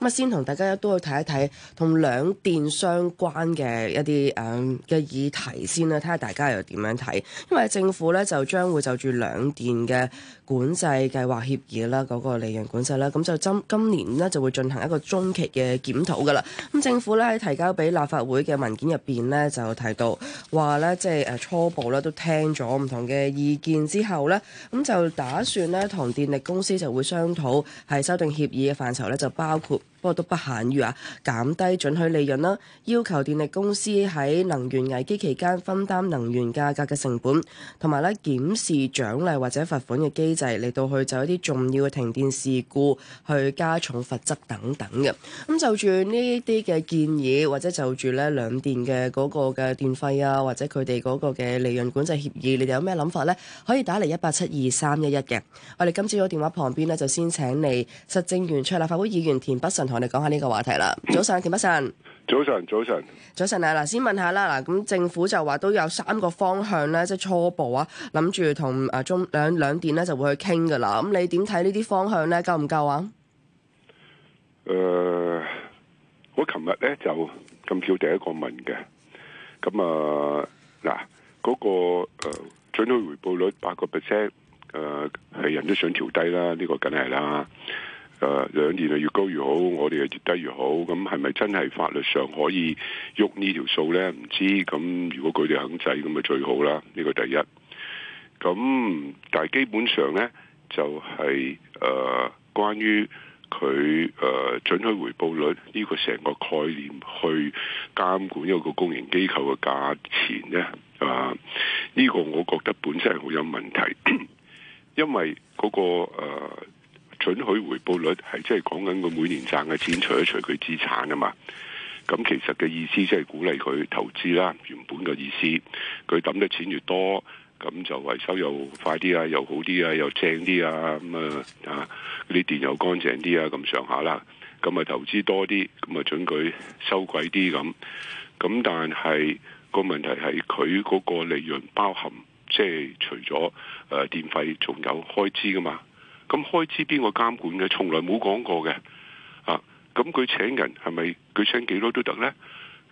咁啊，先同大家一都去睇一睇同兩電相關嘅一啲誒嘅議題先啦，睇下大家又點樣睇，因為政府咧就將會就住兩電嘅管制計劃協議啦，嗰個利潤管制啦，咁就今今年呢就會進行一個中期嘅檢討噶啦。咁政府喺提交俾立法會嘅文件入邊呢，就提到話呢，即係誒初步咧都聽咗唔同嘅意見之後呢，咁就打算呢同電力公司就會商討，係修訂協議嘅範疇呢，就包括，不過都不限於啊，減低準許利潤啦，要求電力公司喺能源危機期間分擔能源價格嘅成本，同埋咧檢視獎勵或者罰款嘅機制嚟到去就一啲重要嘅停電事故去加重罰則等等嘅。咁就住呢啲嘅建議，或者就住咧兩電嘅嗰個嘅電費啊，或者佢哋嗰個嘅利潤管制協議，你哋有咩諗法咧？可以打嚟一八七二三一一嘅。我哋今朝喺電話旁邊咧就先請嚟實政圓桌立法會議員田北辰。我哋講下呢個話題啦。早晨，田北辰。早晨，早晨。早晨啊，嗱，先問下啦，嗱，咁政府就話都有三個方向咧，即係初步啊，諗住同啊中兩兩電咧就會去傾噶啦。咁你點睇呢啲方向咧？夠唔夠啊？誒，我琴日咧就咁巧第一個問嘅。咁啊，嗱，嗰個誒，準許回報率八個 percent，誒，係人都想調低啦，呢個梗係啦。誒、啊、兩年誒越高越好，我哋誒越低越好。咁係咪真係法律上可以喐呢條數呢？唔知道。咁如果佢哋肯制，咁咪最好啦。呢、呢個第一。咁但係基本上呢，就係、係、誒、呃、關於佢誒準許回報率呢、呢個成個概念去監管一個公營機構嘅價錢咧，啊呢、呢個我覺得本身係好有問題，因為嗰、嗰個、呃准許回報率係即係講緊佢每年賺嘅錢除一除佢資產啊嘛，咁其實嘅意思即係鼓勵佢投資啦，原本嘅意思，佢抌得錢越多，咁就維修又快啲啊，又好啲啊，又正啲啊，咁、嗯、啊啊，啲電又乾淨啲啊，咁上下啦，咁咪投資多啲，咁咪准佢收貴啲咁，咁但係、個問題係佢嗰個利潤包含即係、就是、除咗誒、呃、電費，仲有開支噶嘛。咁開支邊個監管嘅？從來冇講過嘅。啊，咁佢請人係咪佢請幾多都得呢？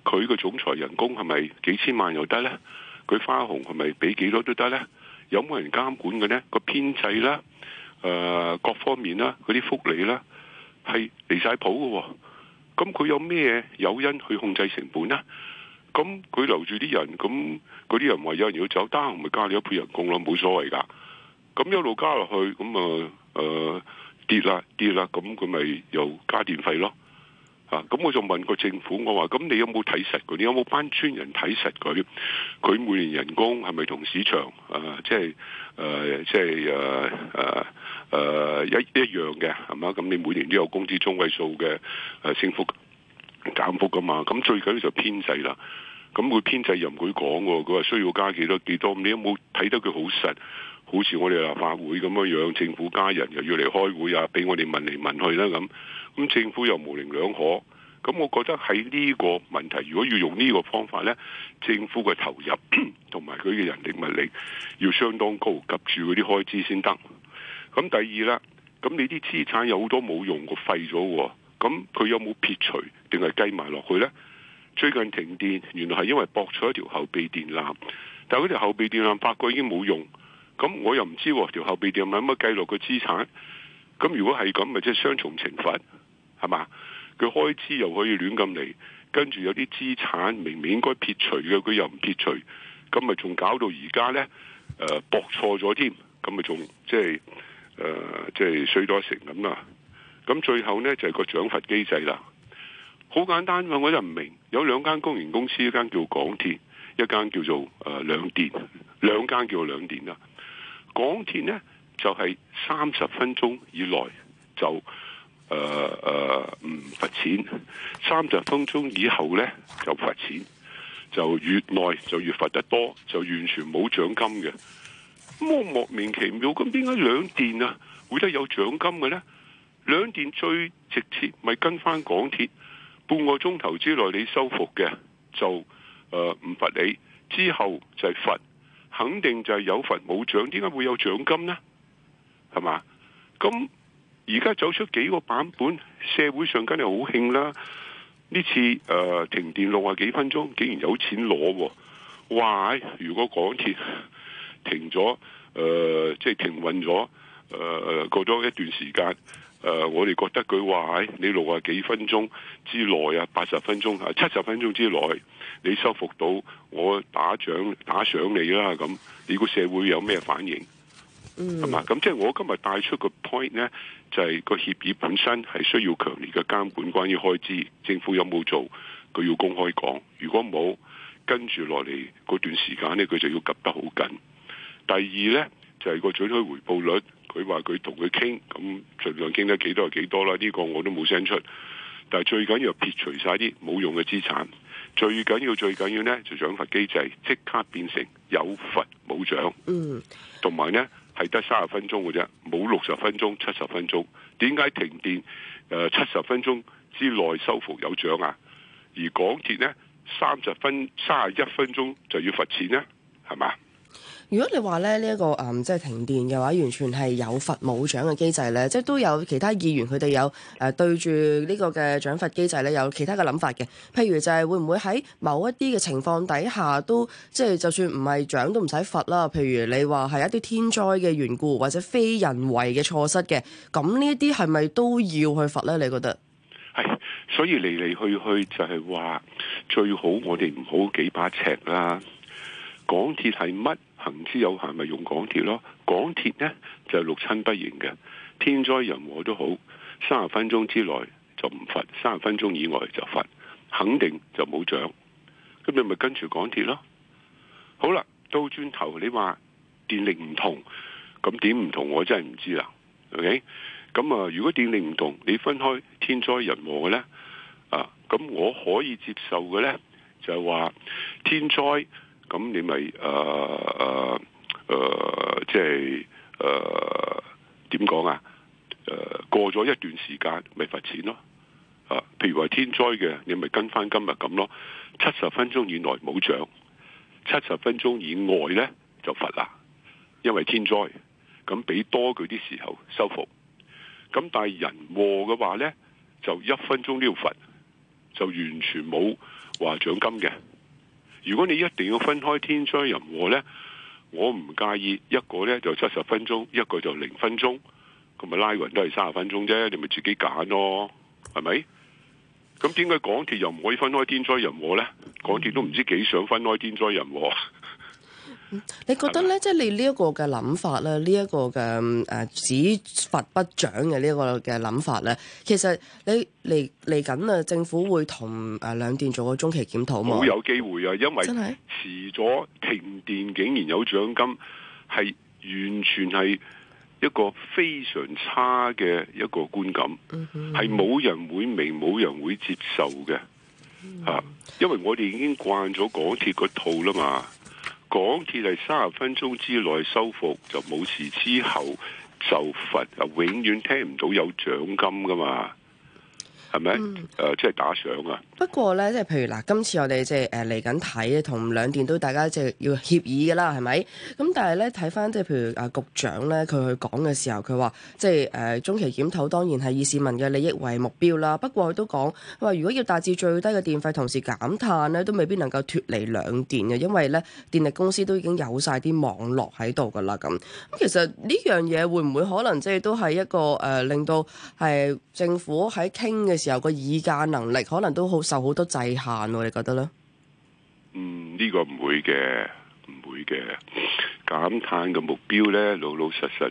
佢個總裁人工係咪幾千萬又得呢？佢花紅係咪俾幾多都得呢？有冇人監管嘅呢？個編制啦，誒、呃，各方面啦，嗰啲福利啦，係離晒譜嘅。咁佢有咩誘因去控制成本呢？咁佢留住啲人，咁嗰啲人話有人要走，單咪加你一倍人工咯，冇所謂噶。咁一路加落去，咁啊。誒、呃，跌啦跌啦，咁佢咪又加電費咯？吓、啊，咁我就問過政府，我話：咁你有冇睇實佢？你有冇班村人睇實佢？佢每年人工係咪同市場誒，即係誒，即係誒誒誒一一樣嘅？係嘛？咁你每年都有工資中位數嘅誒升幅、減幅噶嘛？咁最緊要就編制啦。咁佢編制又唔會講，佢話需要加幾多幾多？你有冇睇得佢好實？好似我哋立法會咁樣樣，政府家人又要嚟開會啊，俾我哋問嚟問去啦咁。咁政府又模稜兩可。咁我覺得喺呢個問題，如果要用呢個方法呢，政府嘅投入同埋佢嘅人力物力要相當高，及住佢啲開支先得。咁第二啦，咁你啲資產有好多冇用個廢咗，咁佢有冇撇除定係計埋落去呢？最近停電，原來係因為駁錯一條後備電纜，但係嗰條後備電纜發覺已經冇用。咁我又唔知喎，條後備電有乜計落嘅資產？咁如果係咁，咪即係雙重懲罰，係嘛？佢開支又可以亂咁嚟，跟住有啲資產明明應該撇除嘅，佢又唔撇除，咁咪仲搞到而家咧？誒、呃，搏錯咗添，咁咪仲即係誒，即係衰多成咁啦。咁最後呢，就係、是、個獎罰機制啦。好簡單㗎，我就唔明有兩間公營公司，一間叫港鐵，一間叫做誒、呃、兩電，兩間叫做兩電啦。港鐵呢，就係三十分鐘以內就誒誒唔罰錢，三十分鐘以後呢，就罰錢，就越耐就越罰得多，就完全冇獎金嘅。咁我莫名其妙咁點解兩電啊會得有獎金嘅呢？兩電最直接咪跟返港鐵，半個鐘頭之內你修復嘅就誒唔罰你，之後就係罰。肯定就係有罰冇獎，點解會有獎金呢？係嘛？咁而家走出幾個版本，社會上梗係好興啦。呢次、呃、停電六啊幾分鐘，竟然有錢攞喎、哦！喂，如果港鐵停咗，即、呃、係、就係、停運咗、呃，過咗一段時間。誒、uh，我哋覺得佢話：，你六啊幾分鐘之內啊，八十分鐘啊，七十分鐘之內，你收復到我打獎打賞你啦，咁，你個社會有咩反應？嗯、mm，咁即係我今日帶出個 point 呢，就係、是、個協議本身係需要強烈嘅監管，關於開支，政府有冇做？佢要公開講。如果冇，跟住落嚟嗰段時間呢，佢就要急得好緊。第二呢。就係、是、個准許回報率，佢話佢同佢傾，咁儘量傾得幾多就幾多啦。呢、這個我都冇聲出。但係最緊要撇除晒啲冇用嘅資產，最緊要最緊要呢，就獎罰機制即刻變成有罰冇獎。嗯，同埋呢係得三十分鐘嘅啫，冇六十分鐘、七十分鐘。點解停電誒七十分鐘之內修復有獎啊？而港鐵呢，三十分三十一分鐘就要罰錢呢係嘛？如果你話咧呢一個誒即係停電嘅話，完全係有罰冇獎嘅機制咧，即係都有其他議員佢哋有誒對住呢個嘅獎罰機制咧，有其他嘅諗法嘅。譬如就係會唔會喺某一啲嘅情況底下都即係就算唔係獎都唔使罰啦。譬如你話係一啲天災嘅緣故或者非人為嘅錯失嘅，咁呢一啲係咪都要去罰咧？你覺得？係，所以嚟嚟去去就係話最好我哋唔好幾把尺啦。港鐵係乜？行之有限，咪用港鐵咯。港鐵呢就係、六親不認嘅，天災人禍都好，三十分鐘之內就唔罰，三十分鐘以外就罰，肯定就冇獎。咁你咪跟住港鐵咯。好啦，到轉頭你話電力唔同，咁點唔同我真係唔知啦。O K，咁啊，如果電力唔同，你分開天災人禍嘅呢？咁、啊、我可以接受嘅呢，就係、係、話天災。咁你咪誒誒即係誒點講啊？呃、過咗一段時間咪罰錢咯。啊、呃，譬如話天災嘅，你咪跟翻今日咁咯。七十分鐘以內冇獎，七十分鐘以外咧就罰啦。因為天災，咁俾多佢啲時候收復。咁但係人禍嘅話咧，就一分鐘都要罰，就完全冇話獎金嘅。如果你一定要分開天災人禍呢，我唔介意一個呢就七十分鐘，一個就零分鐘，咁咪拉匀都係三十分鐘啫，你咪自己揀咯、啊，係咪？咁點解港鐵又唔可以分開天災人禍呢？港鐵都唔知幾想分開天災人禍。嗯、你覺得咧，即係你呢一個嘅諗法咧，呢、這、一個嘅誒只罰不獎嘅呢一個嘅諗法咧，其實你嚟嚟緊啊，政府會同誒兩電做個中期檢討冇？冇有機會啊，因為遲咗停電竟然有獎金，係完全係一個非常差嘅一個觀感，係、mm、冇 -hmm. 人會明，冇人會接受嘅、mm -hmm. 啊、因為我哋已經慣咗港鐵嗰套啦嘛。港鐵係三十分鐘之內修復就冇事，之後就罰啊，永遠聽唔到有獎金噶嘛。係咩？誒，即係打賞啊！不過咧，即係譬如嗱，今次我哋即係誒嚟緊睇同兩電都大家即係要協議㗎啦，係咪？咁但係咧睇返即係譬如啊，局長咧佢去講嘅時候，佢話即係誒中期檢討當然係以市民嘅利益為目標啦。不過佢都講，佢話，如果要達至最低嘅電費，同時減碳咧，都未必能夠脫離兩電嘅，因為咧電力公司都已經有晒啲網絡喺度㗎啦。咁咁其實呢樣嘢會唔會可能即係都係一個誒、呃、令到係政府喺傾嘅？時候個議價能力可能都好受好多制限，你覺得咧？嗯，呢個唔會嘅，唔會嘅。減碳嘅目標呢，老老實實，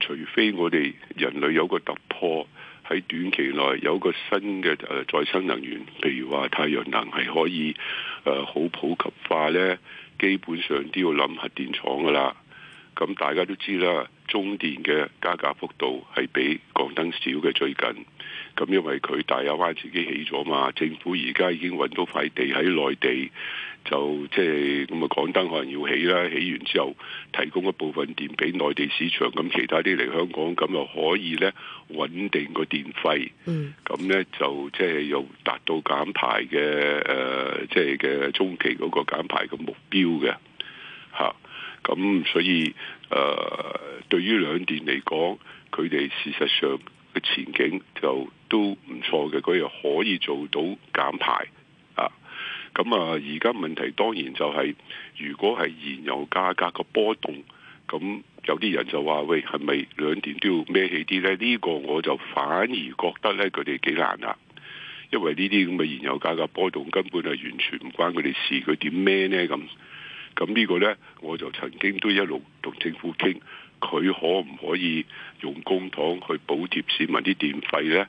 除非我哋人類有個突破喺短期內有個新嘅誒再生能源，譬如話太陽能係可以誒好普及化呢，基本上都要諗核電廠噶啦。咁大家都知啦，中電嘅加價幅度係比港燈少嘅最近。咁因為佢大亞灣自己起咗嘛，政府而家已經揾到塊地喺內地，就即係咁啊，港、就是、燈可能要起啦，起完之後提供一部分電俾內地市場，咁其他啲嚟香港咁又可以咧穩定個電費。咁、嗯、咧就即係、就是、又達到減排嘅即係嘅中期嗰個減排嘅目標嘅咁、啊、所以、呃、對於兩電嚟講，佢哋事實上嘅前景就～都唔錯嘅，佢又可以做到減排啊！咁啊，而家問題當然就係、是，如果係燃油價格嘅波動，咁有啲人就話：喂，係咪兩電都要孭起啲呢？呢、這個我就反而覺得呢，佢哋幾難啦、啊。因為呢啲咁嘅燃油價格波動根本係完全唔關佢哋事，佢點孭呢？咁？咁呢個呢，我就曾經都一路同政府傾，佢可唔可以用公帑去補貼市民啲電費呢？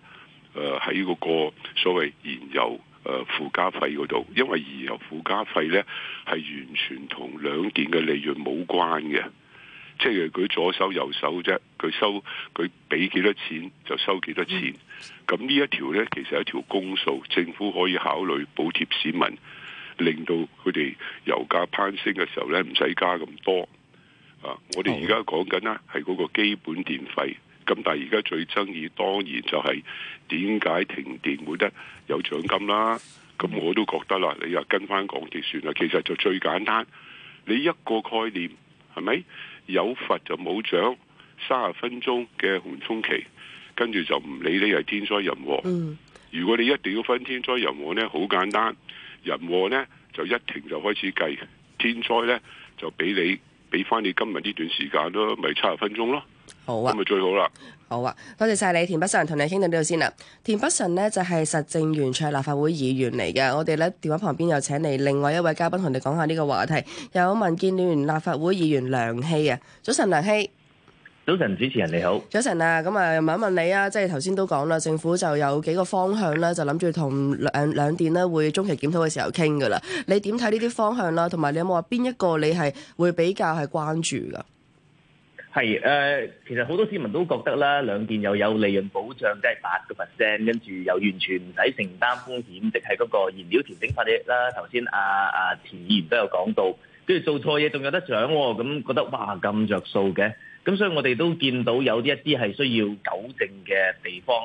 誒喺嗰個所謂燃油附加費嗰度，因為燃油附加費呢係完全同兩電嘅利潤冇關嘅，即係佢左手右手啫，佢收佢俾幾多錢就收幾多錢。咁呢一條呢，其實係一條公數，政府可以考慮補貼市民，令到佢哋油價攀升嘅時候呢，唔使加咁多。啊，我哋而家講緊呢係嗰個基本電費。咁但係而家最爭議當然就係點解停電會得有獎金啦？咁我都覺得啦，你又跟翻港鐵算啦。其實就最簡單，你一個概念係咪有罰就冇獎？三十分鐘嘅緩衝期，跟住就唔理你係天災人禍。如果你一定要分天災人禍呢，好簡單，人禍呢就一停就開始計，天災呢，就俾你俾翻你今日呢段時間咯，咪七十分鐘咯。好啊！咁咪最好啦！好啊，多謝晒你，田北辰同你傾到呢度先啦。田北辰呢，就係實政圓桌立法會議員嚟嘅。我哋咧電話旁邊又請嚟另外一位嘉賓同你講下呢個話題，有民建聯立法會議員梁熙啊。早晨，梁熙。早晨，主持人你好。早晨啊，咁啊問一問你啊，即係頭先都講啦，政府就有幾個方向啦，就諗住同兩兩電咧會中期檢討嘅時候傾噶啦。你點睇呢啲方向啦？同埋你有冇話邊一個你係會比較係關注噶？呃、其實好多市民都覺得啦，兩電又有利潤保障，即係八個 percent，跟住又完全唔使承擔風險，即係嗰個燃料調整費啦。頭先阿阿田議員都有講到，跟住做錯嘢仲有得獎，哦，咁覺得哇咁着數嘅。咁所以我哋都見到有啲一啲係需要糾正嘅地方。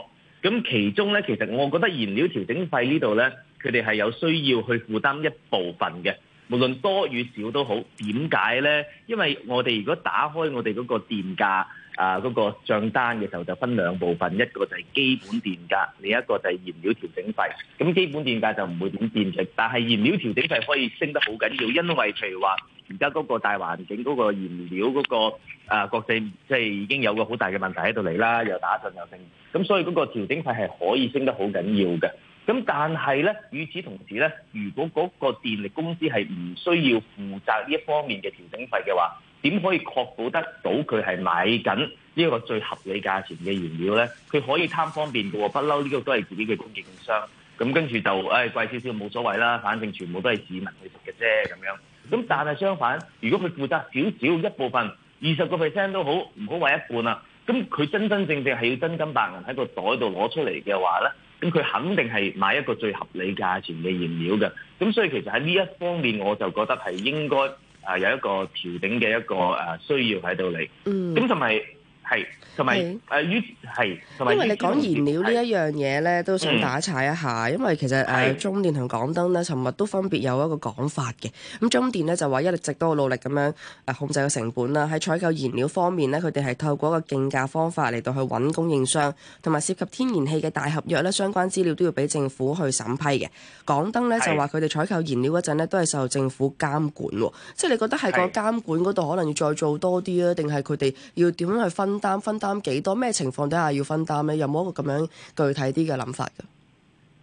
咁其中咧，其實我覺得燃料調整費呢度咧，佢哋係有需要去負擔一部分嘅。無論多與少都好，點解呢？因為我哋如果打開我哋嗰個電價啊嗰個帳單嘅時候，就分兩部分，一個就係基本電價，另一個就係燃料調整費。咁基本電價就唔會點變嘅，但係燃料調整費可以升得好緊要，因為譬如話而家嗰個大環境嗰個燃料嗰個啊國際即係已經有個好大嘅問題喺度嚟啦，又打仗又升，咁所以嗰個調整費係可以升得好緊要嘅。咁但係咧，與此同時咧，如果嗰個電力公司係唔需要負責呢一方面嘅調整費嘅話，點可以確保得到佢係買緊呢一個最合理價錢嘅原料咧？佢可以貪方便嘅喎，不嬲呢個都係自己嘅供應商。咁跟住就誒、哎、貴少少冇所謂啦，反正全部都係市民去食嘅啫咁樣。咁但係相反，如果佢負責少少一部分，二十個 percent 都好，唔好話一半啦。咁佢真真正正係要真金白銀喺個袋度攞出嚟嘅話咧？咁佢肯定係買一個最合理價錢嘅燃料嘅，咁所以其實喺呢一方面，我就覺得係應該誒有一個調整嘅一個誒需要喺度嚟，嗯，咁同埋。係，同埋誒，於係，因為你講燃料這一呢一樣嘢咧，都想打踩一下、嗯。因為其實誒、啊，中電同港燈呢，尋日都分別有一個講法嘅。咁中電呢，就話一直都好努力咁樣誒控制個成本啦。喺採購燃料方面呢，佢哋係透過一個競價方法嚟到去揾供應商，同埋涉及天然氣嘅大合約咧，相關資料都要俾政府去審批嘅。港燈呢，就話佢哋採購燃料嗰陣咧都係受政府監管喎，即係你覺得喺個監管嗰度可能要再做多啲啊，定係佢哋要點樣去分？擔分擔幾多？咩情況底下要分擔咧？有冇一個咁樣具體啲嘅諗法㗎？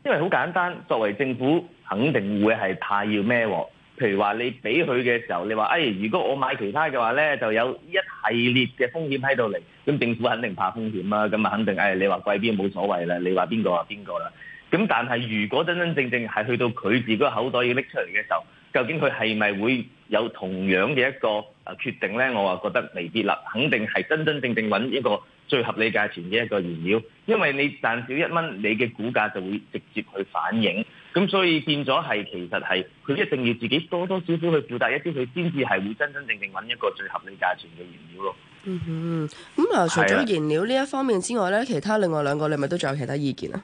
因為好簡單，作為政府肯定會係怕要咩喎？譬如話你俾佢嘅時候，你話誒、哎，如果我買其他嘅話咧，就有一系列嘅風險喺度嚟，咁政府肯定怕風險啦。咁啊，肯定誒、哎，你話貴邊冇所謂啦，你話邊個話邊個啦。咁但係如果真真正正係去到佢自己個口袋要拎出嚟嘅時候，究竟佢係咪會有同樣嘅一個誒決定咧？我話覺得未必啦，肯定係真真正正揾一個最合理價錢嘅一個燃料，因為你賺少一蚊，你嘅股價就會直接去反映。咁所以變咗係其實係佢一定要自己多多少少去負責一啲，佢先至係會真真正正揾一個最合理價錢嘅燃料咯。嗯哼，咁、嗯、嗱，除咗燃料呢一方面之外咧，其他另外兩個，你咪都仲有其他意見啊？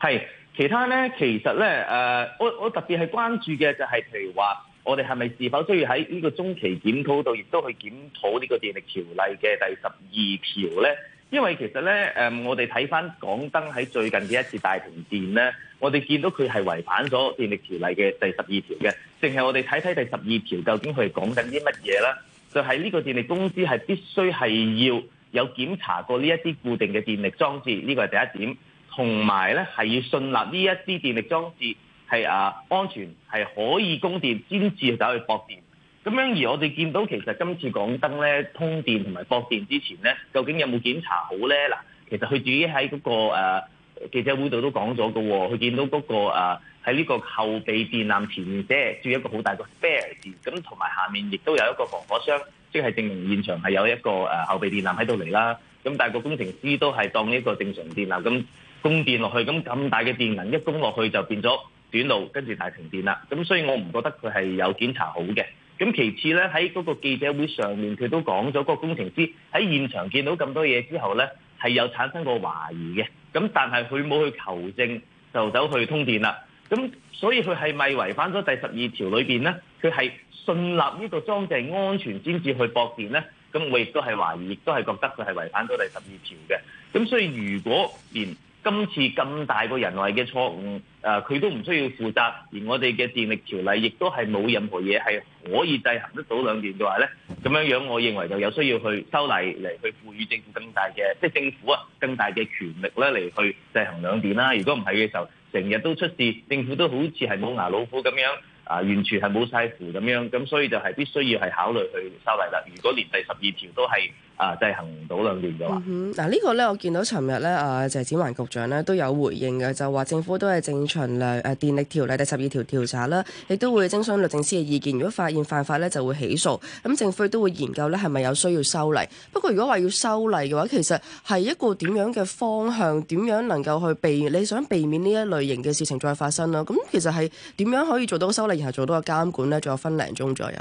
係。其他咧，其實咧，誒，我我特別係關注嘅就係，譬如話，我哋係咪是否需要喺呢個中期檢討度，亦都去檢討呢個電力條例嘅第十二條咧？因為其實咧，誒，我哋睇返港燈喺最近嘅一次大停電咧，我哋見到佢係違反咗電力條例嘅第十二條嘅。淨係我哋睇睇第十二條究竟佢係講緊啲乜嘢啦？就係呢個電力公司係必須係要有檢查過呢一啲固定嘅電力裝置，呢個係第一點。同埋咧，係要信納呢一啲電力裝置係啊安全，係可以供電，先至走去駁電。咁樣而我哋見到其實今次港燈咧通電同埋駁電之前咧，究竟有冇檢查好咧？嗱，其實佢自己喺嗰個記、啊、記者會度都講咗嘅喎，佢見到嗰、那個喺呢、啊、個後備電纜前面啫，住一個好大個 fire 字，咁同埋下面亦都有一個防火箱，即、就、係、是、證明現場係有一個誒後備電纜喺度嚟啦。咁但係個工程師都係當呢個正常電纜咁。供電落去，咁咁大嘅電能一供落去就變咗短路，跟住大停電啦。咁所以我唔覺得佢係有檢查好嘅。咁其次呢，喺嗰個記者會上面，佢都講咗嗰個工程師喺現場見到咁多嘢之後呢，係有產生過懷疑嘅。咁但係佢冇去求證就走去通電啦。咁所以佢係咪違反咗第十二條裏面呢？佢係順立呢個裝置安全先至去駁電呢？咁我亦都係懷疑，亦都係覺得佢係違反咗第十二條嘅。咁所以如果連今次咁大個人為嘅錯誤，誒、啊、佢都唔需要負責，而我哋嘅電力條例亦都係冇任何嘢係可以制衡得到兩電嘅話咧，咁樣樣我認為就有需要去修例嚟去賦予政府更大嘅，即係政府啊更大嘅權力咧嚟去制衡兩電啦。如果唔係嘅時候，成日都出事，政府都好似係冇牙老虎咁樣，啊完全係冇晒符咁樣，咁所以就係必須要係考慮去修例啦。如果連第十二條都係，啊，即係行唔到兩段嘅話，嗱呢個呢，我見到尋日呢，啊、這個、啊謝展寰局長咧都有回應嘅，就話政府都係正循律誒電力條例第十二條調查啦，亦都會徵詢律政司嘅意見，如果發現犯法呢，就會起訴，咁政府亦都會研究呢係咪有需要修例。不過如果話要修例嘅話，其實係一個點樣嘅方向，點樣能夠去避你想避免呢一類型嘅事情再發生啦。咁其實係點樣可以做到修例，然後做到個監管呢？仲有分零鐘左右。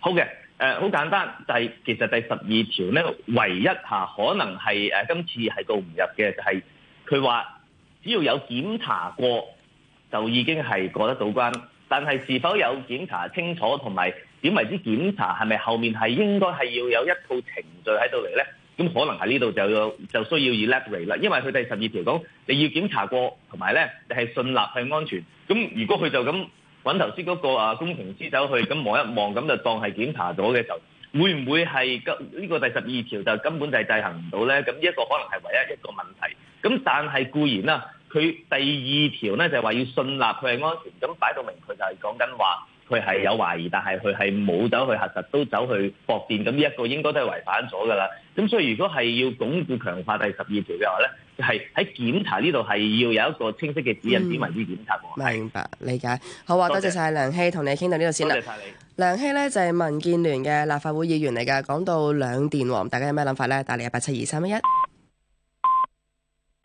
好嘅。誒、呃、好簡單，就係其實第十二條咧，唯一、啊、可能係誒、啊、今次係告唔入嘅，就係佢話只要有檢查過，就已經係過得到關。但係是，是否有檢查清楚，同埋點為之檢查，係咪後面係應該係要有一套程序喺度嚟咧？咁可能喺呢度就要就需要 elaborate 啦。因為佢第十二條講你要檢查過，同埋咧你係信納，係安全。咁如果佢就咁。揾頭先嗰個啊工程師走去咁望一望，咁就當係檢查咗嘅時候，會唔會係呢個第十二條就根本就係制行唔到咧？咁呢一個可能係唯一一個問題。咁但係固然啦，佢第二條咧就係話要信納佢係安全，咁擺到明佢就係講緊話。佢係有懷疑，但係佢係冇走去核實，都走去駁電。咁呢一個應該都係違反咗㗎啦。咁所以如果係要鞏固強化第十二條嘅話咧，就係喺檢查呢度係要有一個清晰嘅指引，點、嗯、為之檢查。明白理解。好啊，多謝晒梁熙，同你傾到呢度先啦。多謝晒你。梁熙呢就係民建聯嘅立法會議員嚟㗎。講到兩電王，王大家有咩諗法咧？打嚟一八七二三一。